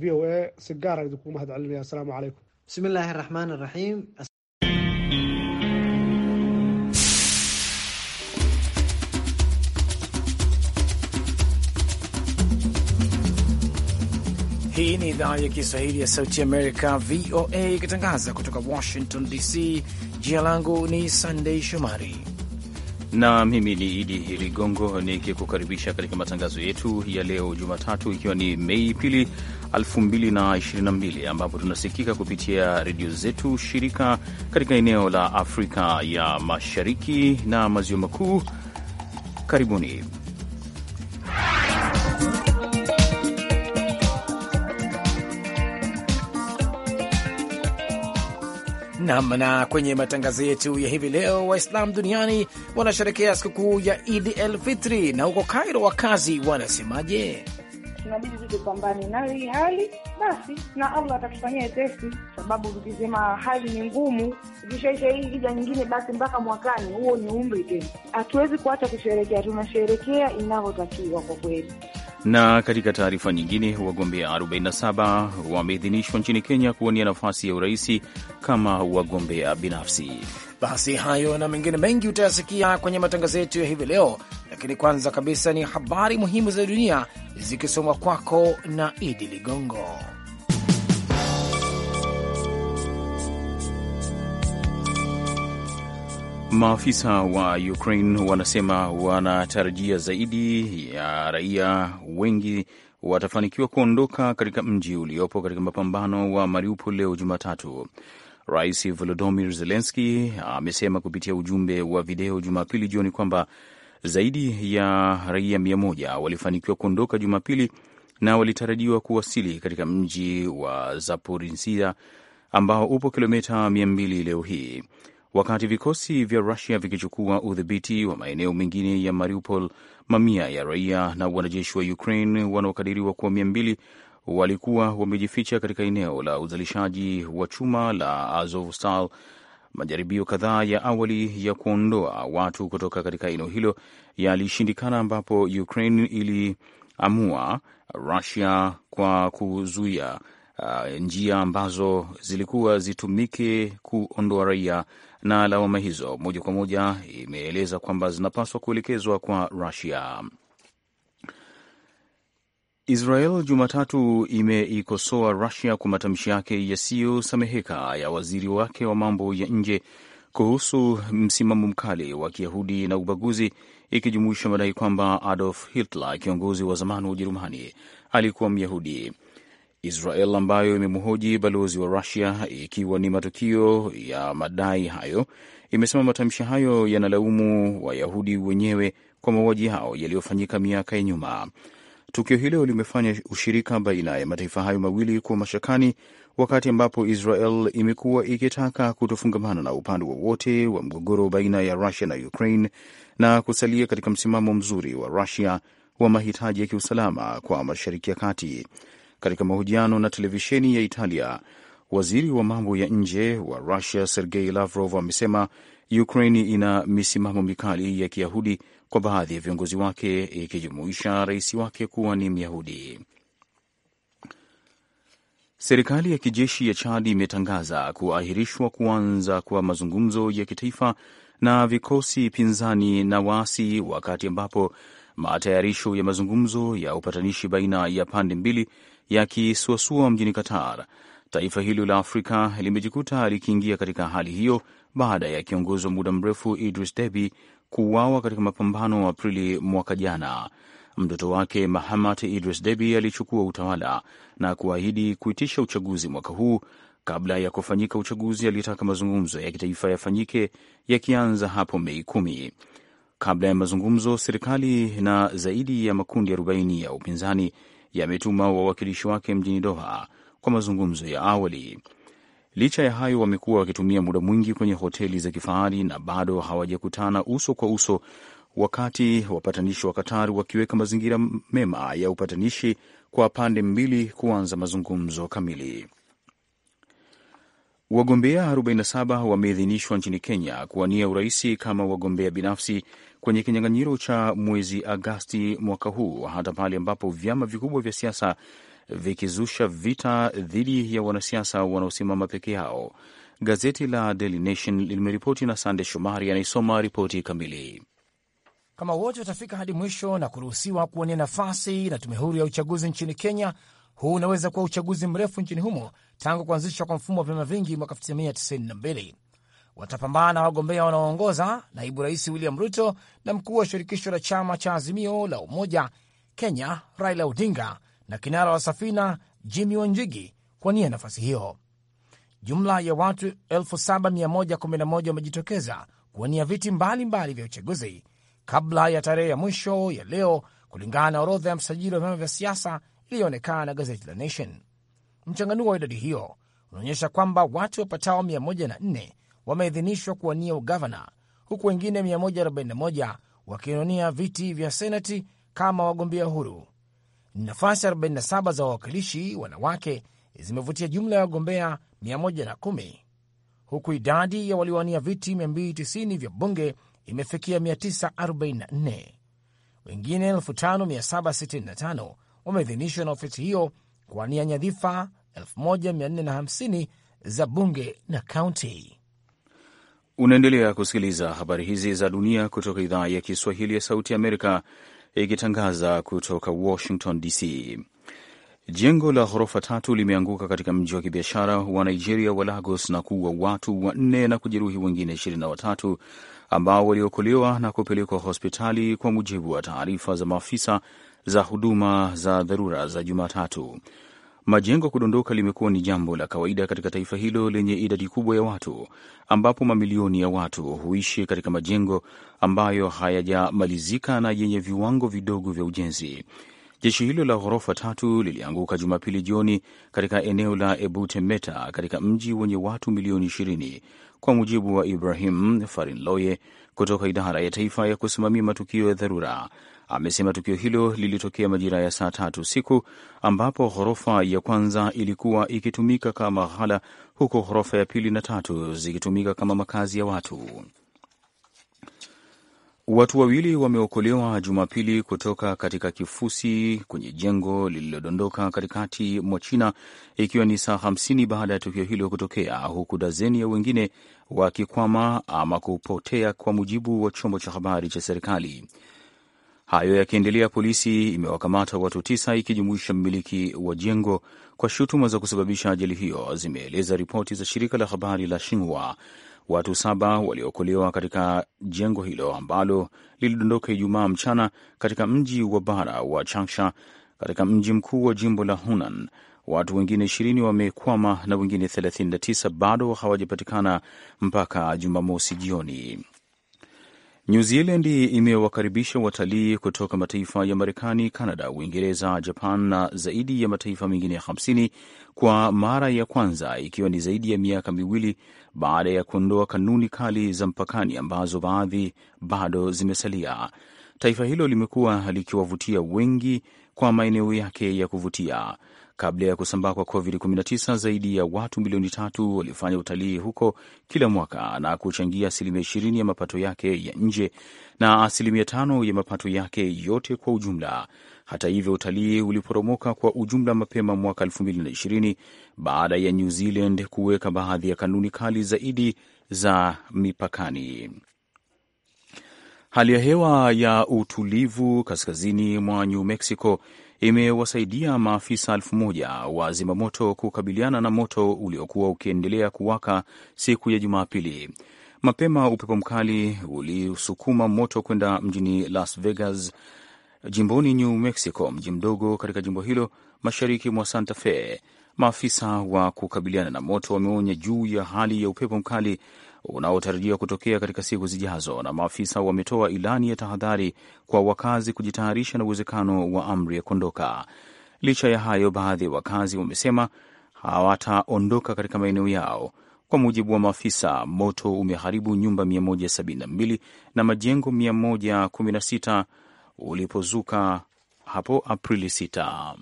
v o a si gaara idinkugu mahadcelinaya asalaamu calaykum bismi illaahi araxmaan araxiim Hii ni idhaa ya Kiswahili ya Sauti Amerika, VOA, ikitangaza kutoka Washington DC. Jina langu ni Sandei Shomari na mimi ni Idi Ligongo nikikukaribisha katika matangazo yetu ya leo Jumatatu, ikiwa ni Mei pili 2022, ambapo tunasikika kupitia redio zetu shirika katika eneo la Afrika ya Mashariki na Maziwa Makuu. Karibuni. Nam. Na kwenye matangazo yetu ya hivi leo, waislam duniani wanasherekea sikukuu ya Idi el Fitri, na huko Kairo wakazi wanasemaje? Tunabidi tu tupambane nayo hii hali basi, na Allah atakufanyia testi sababu tukisema hali ni ngumu, ikishaisha hii kija nyingine, basi mpaka mwakani, huo ni umri tena. Hatuwezi kuacha kusherekea, tunasherekea inavyotakiwa kwa kweli. Na katika taarifa nyingine, wagombea 47 wameidhinishwa nchini Kenya kuwania nafasi ya uraisi kama wagombea binafsi. Basi hayo na mengine mengi utayasikia kwenye matangazo yetu ya hivi leo, lakini kwanza kabisa ni habari muhimu za dunia zikisomwa kwako na Idi Ligongo. Maafisa wa Ukraine wanasema wanatarajia zaidi ya raia wengi watafanikiwa kuondoka katika mji uliopo katika mapambano wa Mariupol leo Jumatatu. Rais Volodymyr Zelensky amesema kupitia ujumbe wa video Jumapili jioni kwamba zaidi ya raia mia moja walifanikiwa kuondoka Jumapili na walitarajiwa kuwasili katika mji wa Zaporizhia ambao upo kilomita mbili leo hii wakati vikosi vya Rusia vikichukua udhibiti wa maeneo mengine ya Mariupol. Mamia ya raia na wanajeshi wa Ukraine wanaokadiriwa kuwa mia mbili walikuwa wamejificha katika eneo la uzalishaji wa chuma la Azovstal. Majaribio kadhaa ya awali ya kuondoa watu kutoka katika eneo hilo yalishindikana, ambapo Ukraine iliamua Rusia kwa kuzuia uh, njia ambazo zilikuwa zitumike kuondoa raia na lawama hizo moja kwa moja imeeleza kwamba zinapaswa kuelekezwa kwa Rusia. Israel Jumatatu imeikosoa Rusia kwa matamshi yake yasiyosameheka ya waziri wake wa mambo ya nje kuhusu msimamo mkali wa Kiyahudi na ubaguzi, ikijumuisha madai kwamba Adolf Hitler, kiongozi wa zamani wa Ujerumani, alikuwa Myahudi. Israel ambayo imemhoji balozi wa Rusia ikiwa ni matukio ya madai hayo, imesema matamshi hayo yanalaumu Wayahudi wenyewe kwa mauaji hao yaliyofanyika miaka ya nyuma. Tukio hilo limefanya ushirika baina ya mataifa hayo mawili kuwa mashakani, wakati ambapo Israel imekuwa ikitaka kutofungamana na upande wowote wa, wa mgogoro baina ya Rusia na Ukraine na kusalia katika msimamo mzuri wa Rusia wa mahitaji ya kiusalama kwa Mashariki ya Kati. Katika mahojiano na televisheni ya Italia, waziri wa mambo ya nje wa Rusia Sergei Lavrov amesema Ukraine ina misimamo mikali ya Kiyahudi kwa baadhi ya viongozi wake ikijumuisha rais wake kuwa ni Myahudi. Serikali ya kijeshi ya Chad imetangaza kuahirishwa kuanza kwa mazungumzo ya kitaifa na vikosi pinzani na waasi, wakati ambapo matayarisho ya mazungumzo ya upatanishi baina ya pande mbili yakisuasua mjini Qatar. Taifa hilo la Afrika limejikuta likiingia katika hali hiyo baada ya kiongozi wa muda mrefu Idris Deby kuuawa katika mapambano Aprili mwaka jana. Mtoto wake Mahamat Idris Deby alichukua utawala na kuahidi kuitisha uchaguzi mwaka huu. Kabla ya kufanyika uchaguzi, alitaka mazungumzo ya kitaifa yafanyike yakianza hapo Mei kumi. Kabla ya mazungumzo, serikali na zaidi ya makundi 40 ya upinzani yametuma wawakilishi wake mjini Doha kwa mazungumzo ya awali. Licha ya hayo, wamekuwa wakitumia muda mwingi kwenye hoteli za kifahari na bado hawajakutana uso kwa uso, wakati wapatanishi wa Katari wakiweka mazingira mema ya upatanishi kwa pande mbili kuanza mazungumzo kamili. Wagombea 47 wameidhinishwa nchini Kenya kuwania uraisi kama wagombea binafsi kwenye kinyang'anyiro cha mwezi Agasti mwaka huu, hata pale ambapo vyama vikubwa vya siasa vikizusha vita dhidi ya wanasiasa wanaosimama peke yao. Gazeti la Daily Nation limeripoti, na Sande Shomari anaisoma ripoti kamili. Kama wote watafika hadi mwisho na kuruhusiwa kuwania nafasi na tume huru ya uchaguzi nchini Kenya, huu unaweza kuwa uchaguzi mrefu nchini humo tangu kuanzishwa kwa mfumo wa vyama vingi mwaka 1992 watapambana na wagombea wanaoongoza naibu rais William Ruto na mkuu wa shirikisho la chama cha Azimio la Umoja Kenya Raila Odinga na kinara wa Safina Jimmy Wanjigi kwa nia nafasi hiyo. Jumla ya watu 7111 wamejitokeza kuwania viti mbalimbali mbali vya uchaguzi kabla ya tarehe ya mwisho ya leo, kulingana na orodha ya msajili wa vyama vya siasa iliyoonekana na gazeti la Nation. Mchanganuo wa idadi hiyo unaonyesha kwamba watu wapatao 104 wameidhinishwa kuwania ugavana huku wengine 141 wakiwania viti vya senati kama wagombea huru. Nafasi 47 za wawakilishi wanawake zimevutia jumla ya wagombea 110 huku idadi ya waliowania viti 290 vya bunge imefikia 944. Wengine 5765 wameidhinishwa na ofisi hiyo kuwania nyadhifa 1450 za bunge na kaunti. Unaendelea kusikiliza habari hizi za dunia kutoka idhaa ya Kiswahili ya Sauti Amerika ikitangaza kutoka Washington DC. Jengo la ghorofa tatu limeanguka katika mji wa kibiashara wa Nigeria wa Lagos na kuua watu wanne na kujeruhi wengine ishirini na watatu ambao waliokolewa na kupelekwa hospitali, kwa mujibu wa taarifa za maafisa za huduma za dharura za Jumatatu. Majengo kudondoka limekuwa ni jambo la kawaida katika taifa hilo lenye idadi kubwa ya watu, ambapo mamilioni ya watu huishi katika majengo ambayo hayajamalizika na yenye viwango vidogo vya ujenzi. Jeshi hilo la ghorofa tatu lilianguka Jumapili jioni katika eneo la ebutemeta katika mji wenye watu milioni 20, kwa mujibu wa Ibrahim Farinloye kutoka idara ya taifa ya kusimamia matukio ya dharura amesema tukio hilo lilitokea majira ya saa tatu usiku ambapo ghorofa ya kwanza ilikuwa ikitumika kama ghala huku ghorofa ya pili na tatu zikitumika kama makazi ya watu. Watu wawili wameokolewa Jumapili kutoka katika kifusi kwenye jengo lililodondoka katikati mwa China, ikiwa ni saa hamsini baada ya tukio hilo kutokea, huku dazeni ya wengine wakikwama ama kupotea, kwa mujibu wa chombo cha habari cha serikali. Hayo yakiendelea, polisi imewakamata watu tisa ikijumuisha mmiliki wa jengo kwa shutuma za kusababisha ajali hiyo, zimeeleza ripoti za shirika la habari la Shinhua. Watu saba waliokolewa katika jengo hilo ambalo lilidondoka Ijumaa mchana katika mji wa bara wa Changsha katika mji mkuu wa jimbo la Hunan. Watu wengine ishirini wamekwama na wengine 39 bado hawajapatikana mpaka Jumamosi jioni. New Zealand imewakaribisha watalii kutoka mataifa ya Marekani, canada Uingereza, Japan na zaidi ya mataifa mengine ya 50 kwa mara ya kwanza, ikiwa ni zaidi ya miaka miwili baada ya kuondoa kanuni kali za mpakani ambazo baadhi bado zimesalia. Taifa hilo limekuwa likiwavutia wengi kwa maeneo yake ya kuvutia. Kabla ya kusambaa kwa COVID-19, zaidi ya watu milioni tatu walifanya utalii huko kila mwaka na kuchangia asilimia ishirini ya mapato yake ya nje na asilimia tano ya mapato yake yote kwa ujumla. Hata hivyo, utalii uliporomoka kwa ujumla mapema mwaka 2020 baada ya New Zealand kuweka baadhi ya kanuni kali zaidi za mipakani. Hali ya hewa ya utulivu kaskazini mwa New Mexico imewasaidia maafisa elfu moja wa zimamoto kukabiliana na moto uliokuwa ukiendelea kuwaka siku ya Jumapili. Mapema upepo mkali ulisukuma moto kwenda mjini Las Vegas, jimboni New Mexico, mji mdogo katika jimbo hilo mashariki mwa Santa Fe. Maafisa wa kukabiliana na moto wameonya juu ya hali ya upepo mkali unaotarajiwa kutokea katika siku zijazo, na maafisa wametoa ilani ya tahadhari kwa wakazi kujitayarisha na uwezekano wa amri ya kuondoka. Licha ya hayo, baadhi ya wakazi wamesema hawataondoka katika maeneo yao. Kwa mujibu wa maafisa, moto umeharibu nyumba 172 na majengo 116 ulipozuka hapo Aprili 6.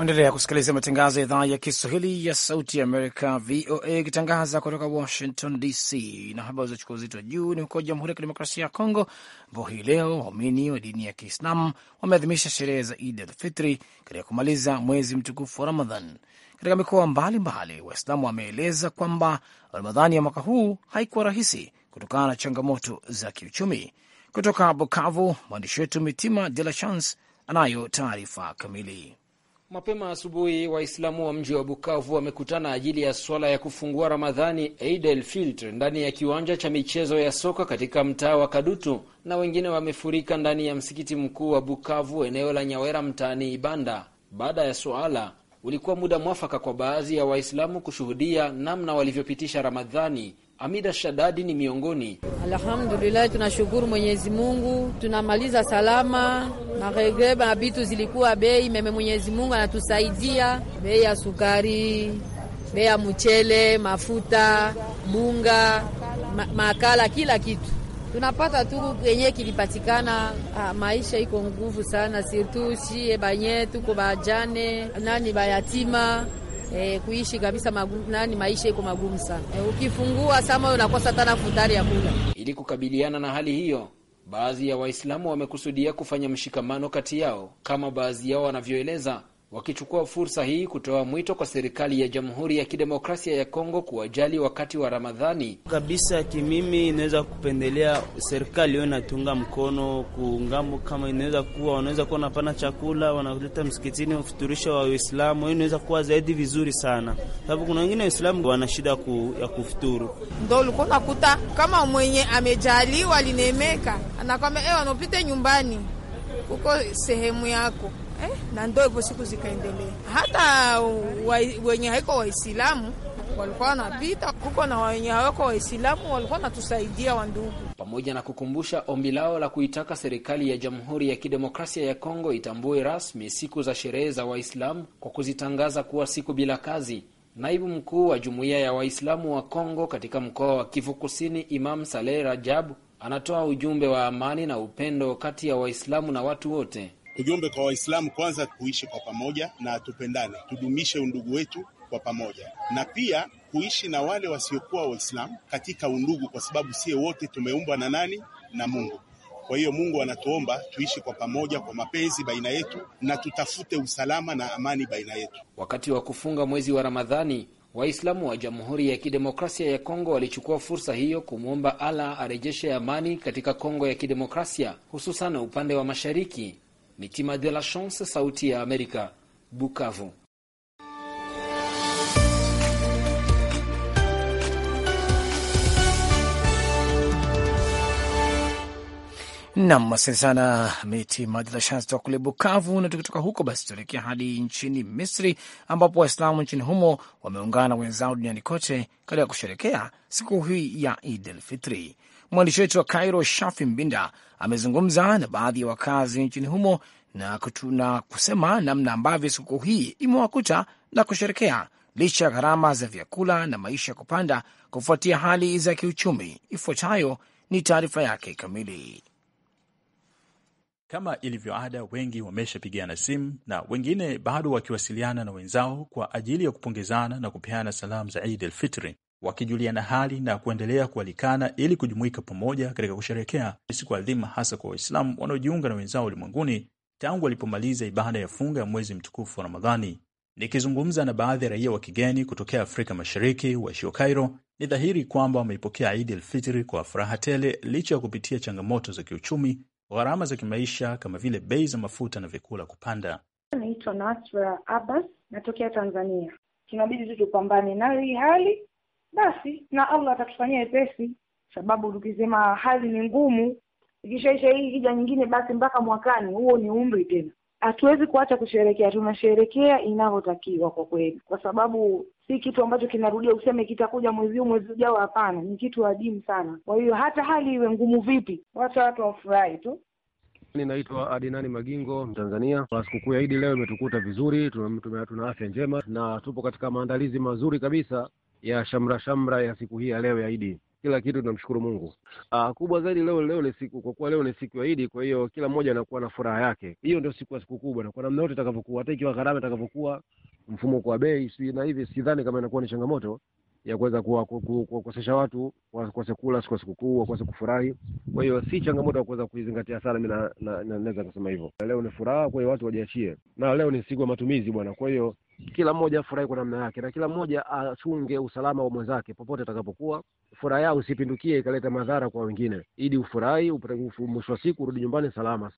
Endelea kusikiliza matangazo ya idhaa ya Kiswahili ya Sauti ya Amerika, VOA, ikitangaza kutoka Washington DC. Na habari za chukua uzito wa juu ni huko Jamhuri ya Kidemokrasia ya Kongo, ambao hii leo waumini wa dini ya Kiislamu wameadhimisha sherehe za Idi Alfitri katika kumaliza mwezi mtukufu wa Ramadhan. Katika mikoa mbalimbali, Waislamu wameeleza kwamba Ramadhani ya mwaka huu haikuwa rahisi kutokana na changamoto za kiuchumi. Kutoka Bukavu, mwandishi wetu Mitima De La Chance anayo taarifa kamili. Mapema asubuhi Waislamu wa mji wa Bukavu wamekutana ajili ya swala ya kufungua Ramadhani Eid el Fitr ndani ya kiwanja cha michezo ya soka katika mtaa wa Kadutu, na wengine wamefurika ndani ya msikiti mkuu wa Bukavu, eneo la Nyawera, mtaani Ibanda. Baada ya swala ulikuwa muda mwafaka kwa baadhi ya Waislamu kushuhudia namna walivyopitisha Ramadhani Amida Shadadi ni miongoni. Alhamdulillah, tunashukuru Mwenyezi Mungu, tunamaliza salama. Maregre na bitu zilikuwa bei meme, Mwenyezi Mungu anatusaidia, bei ya sukari, bei ya mchele, mafuta, bunga, ma makala, kila kitu tunapata tu yenye kilipatikana. Ah, maisha iko nguvu sana, sirtu shie banye tuko bajane nani bayatima e, kuishi kabisa magumu, nani maisha iko magumu sana e, ukifungua sama unakosa tana futari ya kula. Ili kukabiliana na hali hiyo, baadhi ya Waislamu wamekusudia kufanya mshikamano kati yao kama baadhi yao wanavyoeleza wakichukua fursa hii kutoa mwito kwa serikali ya Jamhuri ya Kidemokrasia ya Kongo kuwajali wakati wa Ramadhani. Kabisa kimimi, inaweza kupendelea serikali yo inatunga mkono kungambo, kama inaweza kuwa wanaweza kuwa napana chakula wanaleta msikitini wafuturisha wa Uislamu, hiyo inaweza kuwa zaidi vizuri sana, sababu kuna wengine Waislamu wana shida ku, ya kufuturu, ndo ulikuwa unakuta kama mwenye amejaliwa alinemeka anakwambia, eh, wanopite nyumbani huko sehemu yako eh, na ndo hivyo siku zikaendelea. Hata wa, wenye haiko Waislamu walikuwa wanapita kuko na wenye hawako Waislamu walikuwa wanatusaidia wandugu, pamoja na kukumbusha ombi lao la kuitaka serikali ya Jamhuri ya Kidemokrasia ya Kongo itambue rasmi siku za sherehe za Waislamu kwa kuzitangaza kuwa siku bila kazi. Naibu mkuu wa Jumuiya ya Waislamu wa Kongo katika mkoa wa Kivu Kusini, Imam Saleh Rajab, anatoa ujumbe wa amani na upendo kati ya Waislamu na watu wote. Ujumbe kwa Waislamu kwanza, tuishi kwa pamoja na tupendane, tudumishe undugu wetu kwa pamoja, na pia kuishi na wale wasiokuwa Waislamu katika undugu, kwa sababu sie wote tumeumbwa na nani? Na Mungu. Kwa hiyo Mungu anatuomba tuishi kwa pamoja kwa mapenzi baina yetu na tutafute usalama na amani baina yetu. Wakati wa kufunga mwezi wa Ramadhani, Waislamu wa Jamhuri ya Kidemokrasia ya Kongo walichukua fursa hiyo kumwomba Allah arejeshe amani katika Kongo ya Kidemokrasia, hususan upande wa mashariki. Mitima de la Chance, Sauti ya Amerika, Bukavu. Nam, asante sana Miti shansi toka kule Bukavu. Na tukitoka huko, basi tuelekea hadi nchini Misri ambapo Waislamu nchini humo wameungana wenzao duniani kote katika kusherekea siku hii ya Idel Fitri. Mwandishi wetu wa Cairo, Shafi Mbinda, amezungumza na baadhi ya wakazi nchini humo na kutuna kusema namna ambavyo sikukuu hii imewakuta na kusherekea licha ya gharama za vyakula na maisha kupanda kufuatia hali za kiuchumi. Ifuatayo ni taarifa yake kamili. Kama ilivyo ada, wengi wameshapigana simu na wengine bado wakiwasiliana na wenzao kwa ajili ya kupongezana na kupeana salamu za idi el wakijuliana hali na kuendelea kualikana ili kujumuika pamoja katika kusherekea siku adhima, hasa kwa Waislamu wanaojiunga na wenzao ulimwenguni tangu walipomaliza ibada ya funga ya mwezi mtukufu wa Ramadhani. Nikizungumza na baadhi ya raia wa kigeni kutokea Afrika Mashariki waishio Cairo, ni dhahiri kwamba wameipokea Idi Elfitri kwa furaha tele, licha ya kupitia changamoto za kiuchumi, gharama za kimaisha kama vile bei za mafuta na vyakula kupanda. Naitwa Nasra Abbas, natokea Tanzania. Tunabidi tu tupambane nayo hii hali basi na Allah atakufanyia epesi sababu tukisema hali ni ngumu, ikishaisha hii kija nyingine, basi mpaka mwakani. Huo ni umri tena, hatuwezi kuacha kusherekea. Tunasherekea inavyotakiwa kwa kweli, kwa sababu si kitu ambacho kinarudia useme kitakuja mwezi huu mwezi ujao. Hapana, ni kitu adimu sana. Kwa hiyo hata hali iwe ngumu vipi, wacha watu wafurahi tu. Ninaitwa Adinani Magingo, Mtanzania. Sikukuu ya Idi leo imetukuta vizuri, tuna afya njema na tupo katika maandalizi mazuri kabisa ya shamra shamra ya siku hii ya leo ya Idi. Kila kitu tunamshukuru Mungu. Ah, kubwa zaidi leo leo ni siku, kwa kuwa leo ni siku ya Idi, kwa hiyo kila mmoja anakuwa na furaha yake. Hiyo ndio siku ya siku kubwa, na kwa namna yote itakavyokuwa, hata ikiwa gharama itakavyokuwa, mfumo kwa bei si na hivi, sidhani kama inakuwa ni changamoto, ya kuweza kuwakosesha watu wakose kula siku ya sikukuu, wakose kufurahi. Kwa hiyo si changamoto ya kuweza kuizingatia sana, mi naweza kusema hivyo. Leo ni furaha, kwa hiyo watu wajiachie, na leo ni siku ya matumizi bwana. Kwa hiyo kila mmoja afurahi kwa namna yake, na kila mmoja achunge usalama wa mwenzake popote atakapokuwa. Furaha yao usipindukie ikaleta madhara kwa wengine, ili ufurahi, mwisho wa siku urudi nyumbani salama.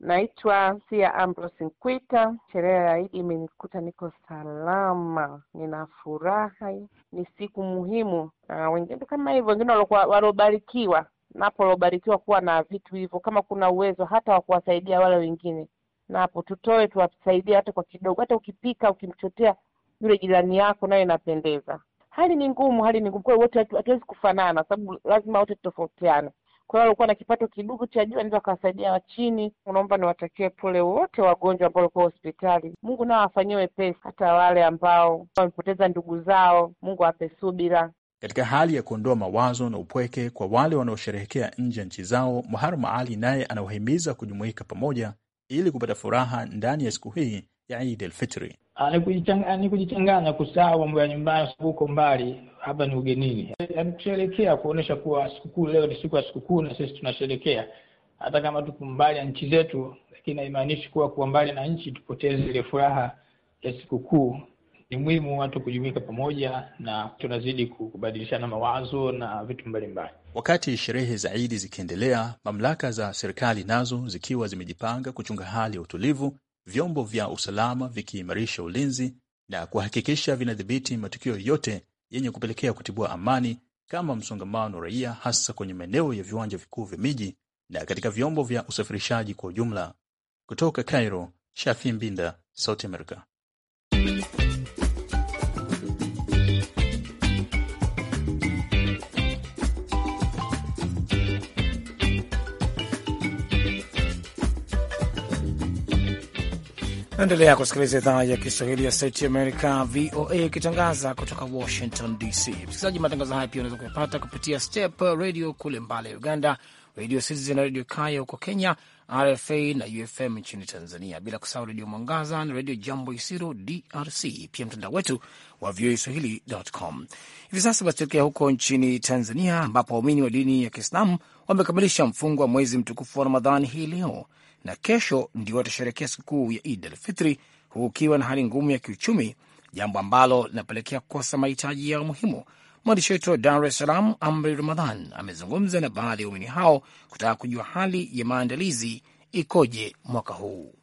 Naitwa Sia Ambrose Nkwita. Sherehe ya Idi imenikuta niko salama, nina furaha. Ni siku muhimu. wengine kama hivyo, wengine walikuwa waliobarikiwa, napo waliobarikiwa kuwa na vitu hivyo, kama kuna uwezo hata wa kuwasaidia wale wengine, napo tutoe, tuwasaidie hata kwa kidogo. Hata ukipika ukimchotea yule jirani yako, nayo inapendeza. Hali ni ngumu, hali ni ngumu, kwa wote hatuwezi kufanana, sababu lazima wote tutofautiane kwa hiyo walikuwa na kipato kidogo cha juu, anaweza akawasaidia chini. Unaomba niwatakie pole wote wagonjwa ambao walikuwa hospitali. Mungu nao awafanyie wepesi, hata wale ambao wamepoteza ndugu zao, Mungu awape subira. Katika hali ya kuondoa mawazo na upweke kwa wale wanaosherehekea nje ya nchi zao, Muharama Ali naye anawahimiza kujumuika pamoja ili kupata furaha ndani ya siku hii ya Idi Elfitri. Ah, ah, ni kujichanganya kusahau mambo ya nyumbani, sababu uko mbali, hapa ni ugenini. Yaani eh, kusherekea kuonesha kuwa sikukuu leo ni siku ya sikukuu na sisi tunasherekea, hata kama tupo mbali ya nchi zetu, lakini haimaanishi kuwa kuwa mbali na nchi tupoteze ile furaha ya sikukuu. Ni muhimu watu kujumuika pamoja, na tunazidi kubadilishana mawazo na vitu mbalimbali. Wakati sherehe za Idi zikiendelea, mamlaka za serikali nazo zikiwa zimejipanga kuchunga hali ya utulivu vyombo vya usalama vikiimarisha ulinzi na kuhakikisha vinadhibiti matukio yote yenye kupelekea kutibua amani kama msongamano wa raia, hasa kwenye maeneo ya viwanja vikuu vya miji na katika vyombo vya usafirishaji kwa ujumla. Kutoka Cairo, Shafi Mbinda, Sauti america Naendelea kusikiliza idhaa ya Kiswahili ya Sauti Amerika, VOA, ikitangaza kutoka Washington DC. Msikilizaji, matangazo haya pia unaweza kuyapata kupitia Step Radio kule Mbale, Uganda, Radio Citizen na Radio Kaya huko Kenya, RFA na UFM nchini Tanzania, bila kusahau Redio Mwangaza na Redio Jambo Isiro DRC, pia mtandao wetu wa VOA Swahili.com. Hivi sasa basi, tokea huko nchini Tanzania, ambapo waumini wa dini ya Kiislamu wamekamilisha mfungo wa mwezi mtukufu wa Ramadhani hii leo na kesho ndio watasherekea sikukuu ya Id al Fitri, huku ukiwa na hali ngumu ya kiuchumi, jambo ambalo linapelekea kukosa mahitaji yao muhimu. Mwandishi wetu wa Dar es Salaam, Amri Ramadhan, amezungumza na baadhi ya waumini hao kutaka kujua hali ya maandalizi ikoje mwaka huu.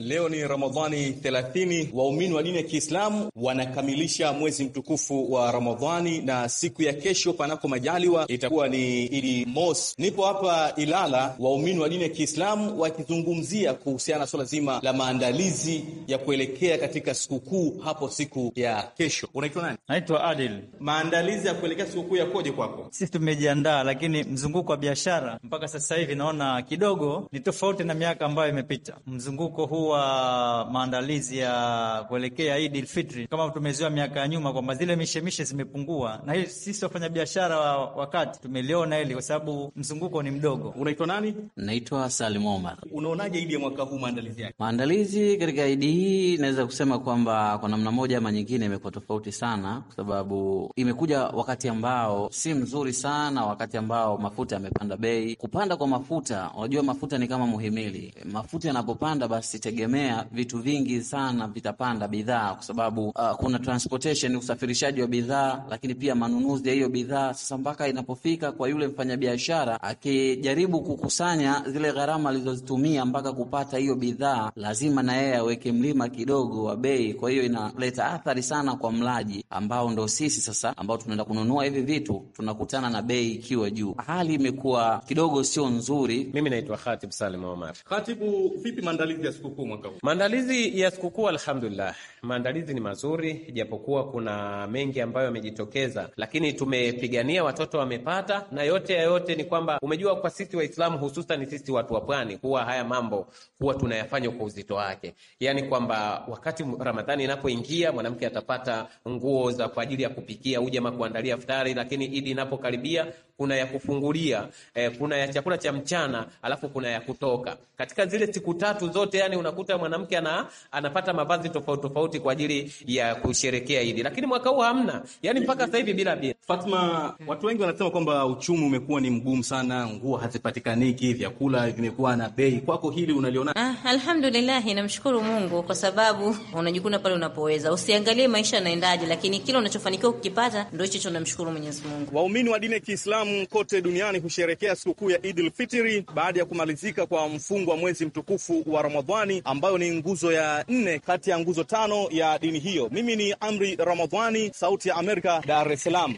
Leo ni Ramadhani 30. Waumini wa dini ya Kiislamu wanakamilisha mwezi mtukufu wa Ramadhani, na siku ya kesho, panako majaliwa, itakuwa ni Idi Mos. Nipo hapa Ilala, waumini wa dini ya Kiislamu wakizungumzia kuhusiana na swala zima la maandalizi ya kuelekea katika sikukuu hapo siku ya kesho. Unaitwa nani? Naitwa Adil. Maandalizi ya kuelekea sikukuu yakoje kwako? Sisi tumejiandaa, lakini mzunguko wa biashara mpaka sasa hivi naona kidogo ni tofauti na miaka ambayo imepita. Mzunguko huu kuwa maandalizi ya kuelekea Idi Fitri, kama tumezoea miaka ya nyuma kwamba zile mishemishe zimepungua, na hii sisi wafanyabiashara wa wakati tumeliona hili kwa sababu mzunguko ni mdogo. Unaitwa nani? Naitwa Salim Omar. Unaonaje Idi ya mwaka huu maandalizi yake? Maandalizi katika Idi hii inaweza kusema kwamba kwa namna moja ama nyingine imekuwa tofauti sana, kwa sababu imekuja wakati ambao si mzuri sana, wakati ambao mafuta yamepanda bei. Kupanda kwa mafuta, unajua mafuta ni kama muhimili, mafuta yanapopanda basi tunategemea vitu vingi sana vitapanda bidhaa, kwa sababu uh, kuna transportation, usafirishaji wa bidhaa, lakini pia manunuzi ya hiyo bidhaa. Sasa mpaka inapofika kwa yule mfanyabiashara, akijaribu kukusanya zile gharama alizozitumia mpaka kupata hiyo bidhaa, lazima na yeye aweke mlima kidogo wa bei. Kwa hiyo inaleta athari sana kwa mlaji ambao ndo sisi sasa, ambao tunaenda kununua hivi vitu, tunakutana na bei ikiwa juu. Hali imekuwa kidogo sio nzuri. Mimi naitwa Khatib Salim Omar. Khatibu, vipi maandalizi ya sikukuu sikukuu mwaka huu? Maandalizi ya sikukuu, alhamdulillah, maandalizi ni mazuri, japokuwa kuna mengi ambayo yamejitokeza, lakini tumepigania, watoto wamepata, na yote ya yote ni kwamba umejua, kwa sisi Waislamu hususan sisi watu wa pwani, huwa haya mambo huwa tunayafanya kwa uzito wake, yaani kwamba wakati Ramadhani inapoingia mwanamke atapata nguo za kwa ajili ya kupikia uja jamaa kuandalia futari, lakini Idi inapokaribia kuna ya kufungulia eh, kuna ya chakula cha mchana, alafu kuna ya kutoka katika zile siku tatu zote, yani unakuta mwanamke ana, anapata mavazi tofauti tofauti kwa ajili ya kusherekea Idi, lakini mwaka huu hamna, yani mpaka sasa hivi bila bila. Fatma, watu wengi wanasema kwamba uchumi umekuwa ni mgumu sana, nguo hazipatikaniki, vyakula vimekuwa na bei. Kwako hili unaliona? Ah, alhamdulillah, namshukuru Mungu kwa sababu unajikuna pale unapoweza. Usiangalie maisha yanaendaje, lakini kile unachofanikiwa kukipata ndio hicho hicho, namshukuru Mwenyezi Mungu. Waumini wa dini ya Kiislamu kote duniani husherekea sikukuu ya Idil Fitri baada ya kumalizika kwa mfungo wa mwezi mtukufu wa Ramadhani ambayo ni nguzo ya nne kati ya nguzo tano ya dini hiyo. Mimi ni Amri Ramadhani, Sauti ya Amerika, Dar es Salaam.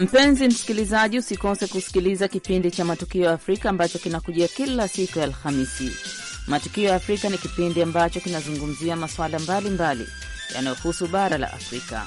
Mpenzi msikilizaji, usikose kusikiliza kipindi cha Matukio ya Afrika ambacho kinakujia kila siku ya Alhamisi. Matukio ya Afrika ni kipindi ambacho kinazungumzia masuala mbalimbali yanayohusu bara la Afrika.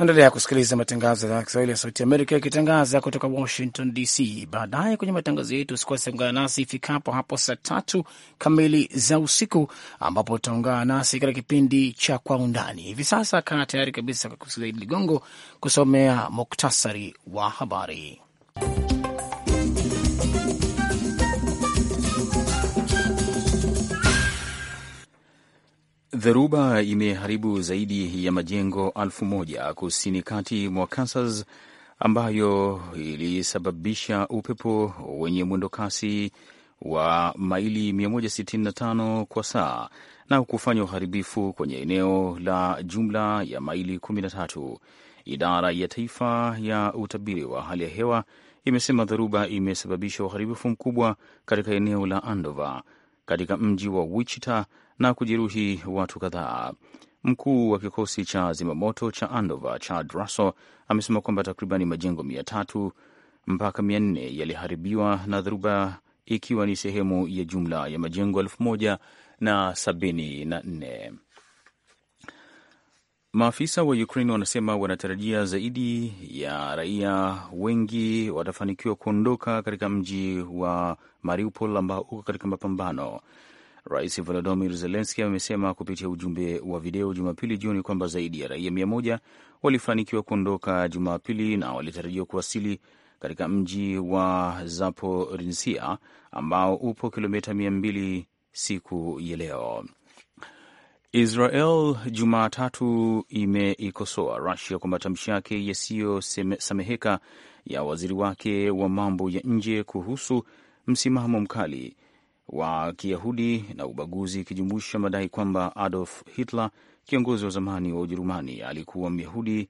Naendelea kusikiliza matangazo ya Kiswahili ya Sauti Amerika ikitangaza kutoka Washington DC. Baadaye kwenye matangazo yetu, usikose kuungana nasi ifikapo hapo saa tatu kamili za usiku, ambapo utaungana nasi katika kipindi cha Kwa Undani. Hivi sasa kaa tayari kabisa kwa Kusaidi Ligongo kusomea muktasari wa habari. dharuba imeharibu zaidi ya majengo elfu moja kusini kati mwa Kansas, ambayo ilisababisha upepo wenye mwendokasi wa maili 165 kwa saa na kufanya uharibifu kwenye eneo la jumla ya maili 13. Idara ya Taifa ya Utabiri wa Hali ya Hewa imesema dharuba imesababisha uharibifu mkubwa katika eneo la Andover, katika mji wa Wichita na kujeruhi watu kadhaa. Mkuu wa kikosi cha zimamoto cha Andova, Chad Russell amesema kwamba takribani majengo mia tatu mpaka mia nne yaliharibiwa na dharuba, ikiwa ni sehemu ya jumla ya majengo elfu moja na sabini na nne. Maafisa wa Ukraine wanasema wanatarajia zaidi ya raia wengi watafanikiwa kuondoka katika mji wa Mariupol ambao uko katika mapambano. Rais Volodymyr Zelensky amesema kupitia ujumbe wa video Jumapili jioni kwamba zaidi ya raia mia moja walifanikiwa kuondoka Jumapili na walitarajiwa kuwasili katika mji wa Zaporinsia ambao upo kilomita mia mbili siku ya leo. Israel Jumatatu imeikosoa Rusia kwa matamshi yake yasiyosameheka ya waziri wake wa mambo ya nje kuhusu msimamo mkali wa Kiyahudi na ubaguzi, ikijumuisha madai kwamba Adolf Hitler, kiongozi wa zamani wa Ujerumani, alikuwa Myahudi.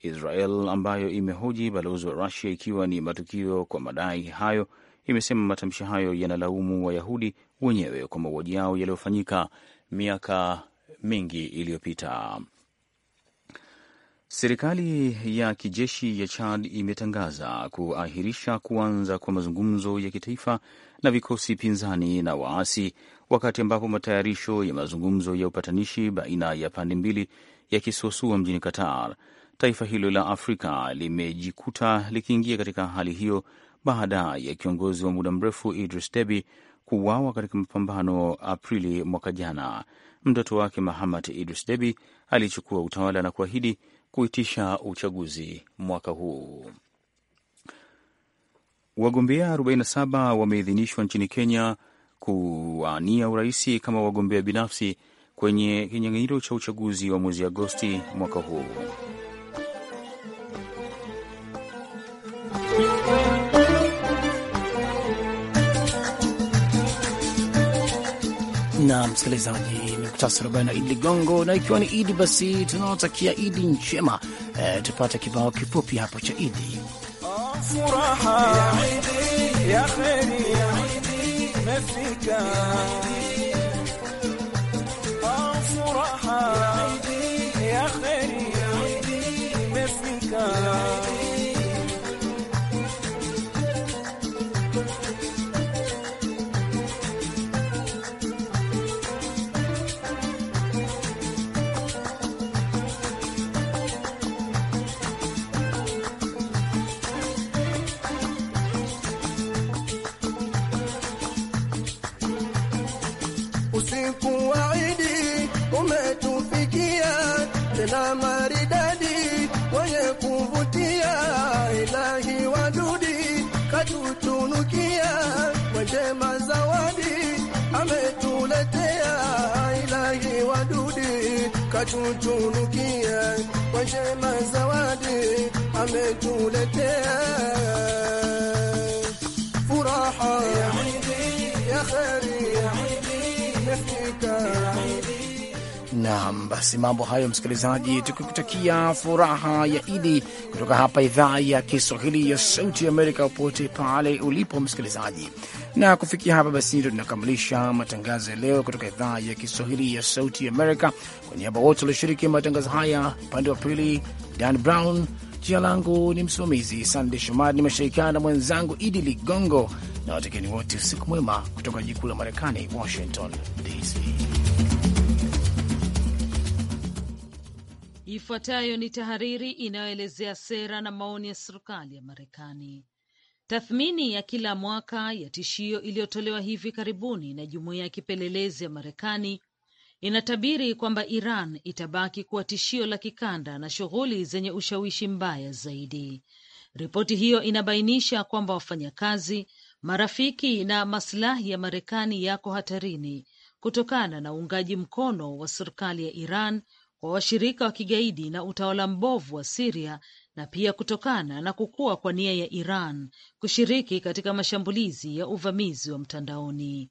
Israel ambayo imehoji balozi wa Rusia ikiwa ni matukio kwa madai hayo, imesema matamshi hayo yanalaumu Wayahudi wenyewe kwa mauaji yao yaliyofanyika miaka mingi iliyopita. Serikali ya kijeshi ya Chad imetangaza kuahirisha kuanza kwa mazungumzo ya kitaifa na vikosi pinzani na waasi, wakati ambapo matayarisho ya mazungumzo ya upatanishi baina ya pande mbili yakisuasua mjini Qatar. Taifa hilo la Afrika limejikuta likiingia katika hali hiyo baada ya kiongozi wa muda mrefu Idris Deby kuuawa katika mapambano Aprili mwaka jana. Mtoto wake Mahamad Idris Deby alichukua utawala na kuahidi kuitisha uchaguzi mwaka huu. Wagombea 47 wameidhinishwa nchini Kenya kuwania uraisi kama wagombea binafsi kwenye kinyang'anyiro cha uchaguzi wa mwezi Agosti mwaka huu. na msikilizaji, muktasari arobaini na Idi Ligongo, na ikiwa ni Idi basi tunaotakia Idi njema. E, tupate kibao kifupi hapo cha Idi. وراحة يا عيدي يا خيري يا ما فيك خوف يا عيدي يا خيري يا عيدي sikuwaidi umetufikia tena maridadi mwenye kuvutia ilahi wadudi katutunukia mwenjema zawadi ametuletea ilahi wadudi katutunukia mwenjema zawadi ametuletea furaha ya kheri Naam, basi mambo hayo, msikilizaji, tukikutakia furaha ya Idi kutoka hapa idhaa ya Kiswahili ya Sauti ya Amerika popote pale ulipo msikilizaji. Na kufikia hapa basi ndio tunakamilisha matangazo ya leo kutoka idhaa ya Kiswahili ya Sauti ya Amerika. Kwa niaba wote walioshiriki matangazo haya, upande wa pili Dan Brown Jina langu ni msimamizi Sande Shomari, nimeshirikiana na mwenzangu Idi Ligongo na watekeni wote, usiku mwema kutoka jiji kuu la Marekani, Washington DC. Ifuatayo ni tahariri inayoelezea sera na maoni ya serikali ya Marekani. Tathmini ya kila mwaka ya tishio iliyotolewa hivi karibuni na jumuiya ya kipelelezi ya Marekani inatabiri kwamba Iran itabaki kuwa tishio la kikanda na shughuli zenye ushawishi mbaya zaidi. Ripoti hiyo inabainisha kwamba wafanyakazi, marafiki na masilahi ya Marekani yako hatarini kutokana na uungaji mkono wa serikali ya Iran kwa washirika wa kigaidi na utawala mbovu wa Siria na pia kutokana na kukua kwa nia ya Iran kushiriki katika mashambulizi ya uvamizi wa mtandaoni.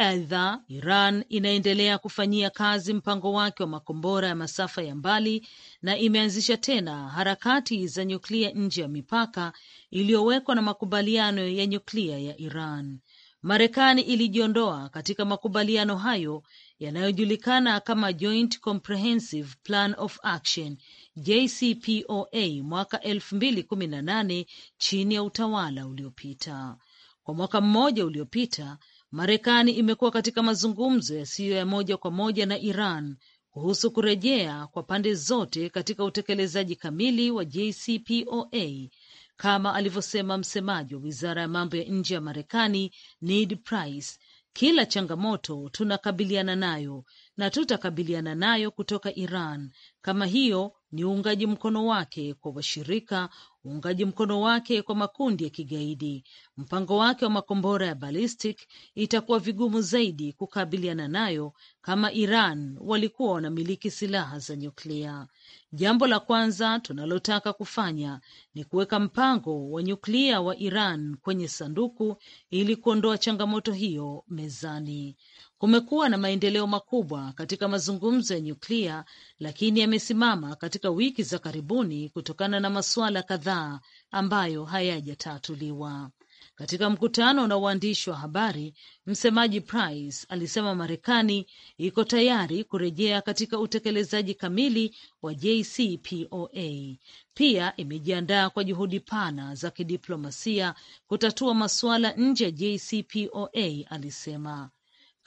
Aidha, Iran inaendelea kufanyia kazi mpango wake wa makombora ya masafa ya mbali na imeanzisha tena harakati za nyuklia nje ya mipaka iliyowekwa na makubaliano ya nyuklia ya Iran. Marekani ilijiondoa katika makubaliano hayo yanayojulikana kama Joint Comprehensive Plan of Action JCPOA mwaka elfu mbili kumi na nane chini ya utawala uliopita. Kwa mwaka mmoja uliopita Marekani imekuwa katika mazungumzo yasiyo ya moja kwa moja na Iran kuhusu kurejea kwa pande zote katika utekelezaji kamili wa JCPOA kama alivyosema msemaji wa Wizara ya Mambo ya Nje ya Marekani Ned Price, kila changamoto tunakabiliana nayo na tutakabiliana nayo kutoka Iran kama hiyo ni uungaji mkono wake kwa washirika, uungaji mkono wake kwa makundi ya kigaidi, mpango wake wa makombora ya balistic Itakuwa vigumu zaidi kukabiliana nayo kama Iran walikuwa wanamiliki silaha za nyuklia. Jambo la kwanza tunalotaka kufanya ni kuweka mpango wa nyuklia wa Iran kwenye sanduku ili kuondoa changamoto hiyo mezani. Kumekuwa na maendeleo makubwa katika mazungumzo ya nyuklia, lakini yamesimama katika wiki za karibuni kutokana na masuala kadhaa ambayo hayajatatuliwa. Katika mkutano na waandishi wa habari, msemaji Price alisema Marekani iko tayari kurejea katika utekelezaji kamili wa JCPOA. Pia imejiandaa kwa juhudi pana za kidiplomasia kutatua masuala nje ya JCPOA, alisema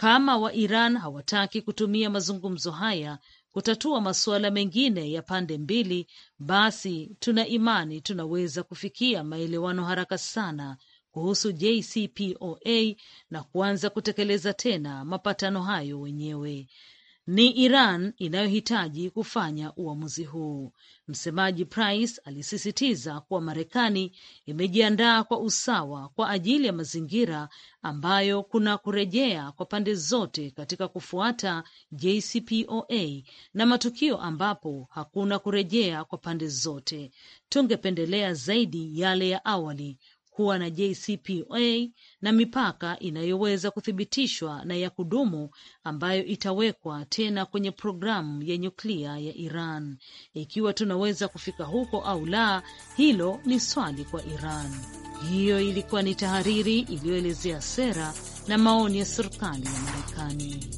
kama Wairan hawataki kutumia mazungumzo haya kutatua masuala mengine ya pande mbili, basi tuna imani tunaweza kufikia maelewano haraka sana kuhusu JCPOA na kuanza kutekeleza tena mapatano hayo wenyewe. Ni Iran inayohitaji kufanya uamuzi huu. Msemaji Price alisisitiza kuwa Marekani imejiandaa kwa usawa kwa ajili ya mazingira ambayo kuna kurejea kwa pande zote katika kufuata JCPOA na matukio ambapo hakuna kurejea kwa pande zote. Tungependelea zaidi yale ya awali kuwa na JCPOA na mipaka inayoweza kuthibitishwa na ya kudumu ambayo itawekwa tena kwenye programu ya nyuklia ya Iran. Ikiwa tunaweza kufika huko au la, hilo ni swali kwa Iran. Hiyo ilikuwa ni tahariri iliyoelezea sera na maoni ya serikali ya Marekani.